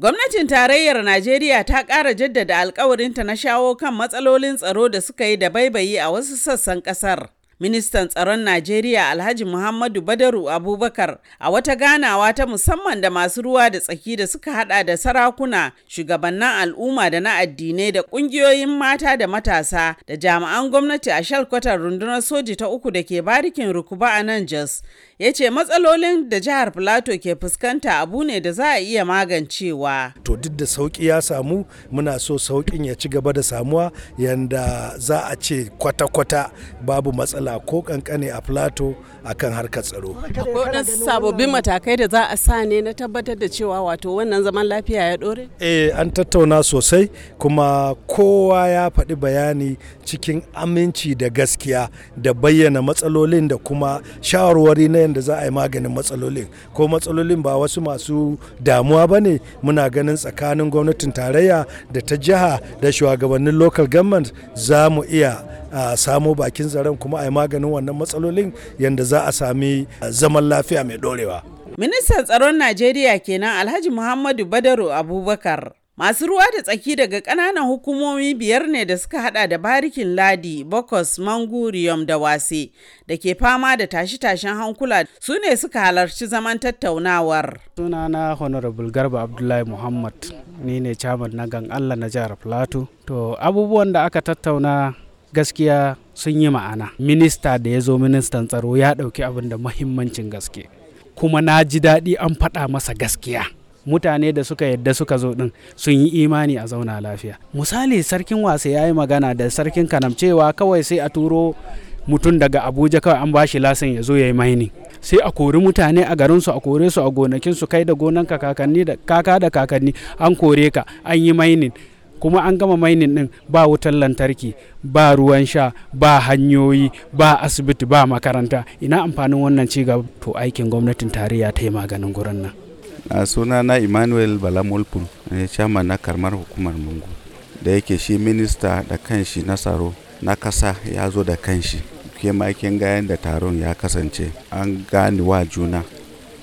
Gwamnatin tarayyar Najeriya ta ƙara jaddada alkawarinta na shawo kan matsalolin tsaro da suka yi da baibayi a wasu sassan ƙasar. Ministan tsaron Najeriya Alhaji Muhammadu Badaru Abubakar a wata ganawa ta musamman da masu ruwa da tsaki da suka hada da sarakuna, shugabannin al'umma da na addinai da kungiyoyin mata da matasa da jami'an gwamnati a shalkwatar rundunar soji ta uku da ke barikin rukuba a nan Jos. Ya ce matsalolin da jihar plateau ke fuskanta abu ne da za a iya magancewa. To duk da sauki ya samu muna so saukin ya ci gaba da samuwa yanda za a ce kwata-kwata babu matsala na ko kankane a plato akan harkar tsaro akwai wadansu sababbin matakai da za a sa ne na tabbatar da cewa wato wannan zaman lafiya ya dore eh an tattauna sosai kuma kowa ya faɗi bayani cikin aminci da gaskiya da bayyana matsalolin da kuma shawarwari na yadda za a yi maganin matsalolin ko matsalolin ba wasu masu damuwa ba ne muna ganin tsakanin gwamnatin tarayya da ta jiha da shugabannin local government za mu iya a samo bakin zaren kuma a yi maganin wannan matsalolin yadda za a sami zaman lafiya mai dorewa. Ministan tsaron Najeriya kenan Alhaji Muhammadu Badaru Abubakar. Masu ruwa da tsaki daga ƙananan hukumomi biyar ne da suka hada da barikin ladi, bokos, Riyom da wase da ke fama da tashi-tashen hankula su ne suka halarci zaman tattaunawar. Sunana Honorable Garba Abdullahi Muhammad ni ne chairman na gan Allah na jihar Plateau. To abubuwan da aka tattauna gaskiya sun yi ma'ana minista da ya zo ministan tsaro ya ɗauki abin da mahimmancin gaske kuma na ji daɗi an faɗa masa gaskiya mutane da suka yadda suka zo din sun yi imani a zauna lafiya misali sarkin wasa ya yi magana da sarkin kanam cewa kawai sai a turo mutum daga abuja kawai an bashi lasin ya zo ya yi maini sai a kori mutane a garinsu a kore su a gonakinsu kai da gonanka kakanni kaka da kakanni an kore ka an yi mainin kuma an gama mainin din ba wutar lantarki ba ruwan sha ba hanyoyi ba asibiti ba makaranta ina amfanin wannan ci ga to aikin gwamnatin tarayya ta yi maganin gurin nan a suna na emmanuel balamolpul ne eh, chairman na karmar hukumar mungu da yake shi minista da kanshi na tsaro na kasa ya zo da kanshi ke makin gayan da taron ya kasance an gane wa juna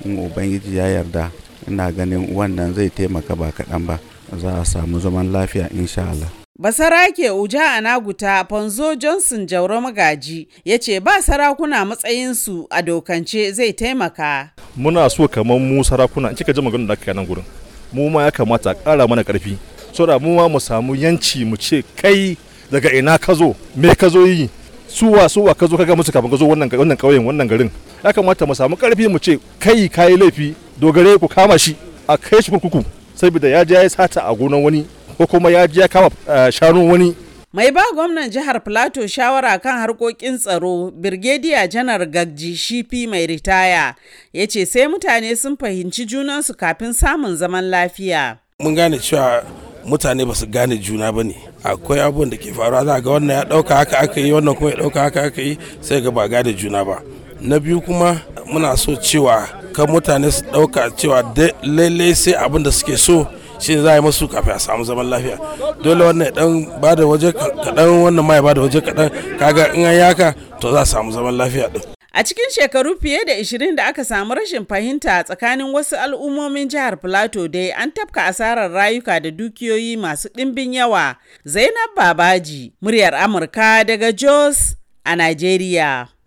in ubangiji ya yarda ina ganin wannan zai taimaka ba kaɗan ba za a samu zaman lafiya insha Allah. Basarake Uja a naguta Fonzo Johnson Jauro Magaji ya ce ba sarakuna matsayinsu a dokance zai taimaka. Muna so kamar mu sarakuna in kika ji maganar da kai nan gurin. Mu ma ya kamata ƙara mana ƙarfi. Saboda mu ma mu samu yanci mu ce kai daga ina ka zo me ka zo yi suwa suwa ka zo ka ga musu kafin ka zo wannan wannan ƙauyen wannan garin. Ya kamata mu samu ƙarfi mu ce kai kayi laifi dogare ku kama shi a kai shi kurkuku. saboda ya je ya sata a gonan wani ko kuma ya je ya kama eh, shanun wani mai ba gwamnan jihar plateau shawara kan harkokin tsaro birgediya janar gagji shifi mai ritaya ya ce sai mutane sun fahimci junansu kafin samun zaman lafiya mun gane cewa mutane ba su gane juna ba ne akwai abubuwan da ke faruwa za ga wannan ya ɗauka haka aka yi wannan kuma ya ɗauka haka aka yi sai ga ba gane juna ba na biyu kuma muna so cewa kan mutane su ɗauka cewa lalle sai abin da suke so shi za a yi masu kafin a samu zaman lafiya dole wannan dan ba da waje kaɗan wannan ma ya ba da waje kaɗan kaga in an yaka to za a samu zaman lafiya din A cikin shekaru fiye da 20 da aka samu rashin fahimta tsakanin wasu al'ummomin jihar Filato dai an tafka asarar rayuka da dukiyoyi masu ɗimbin yawa. Zainab Babaji, muryar Amurka daga Jos a nigeria.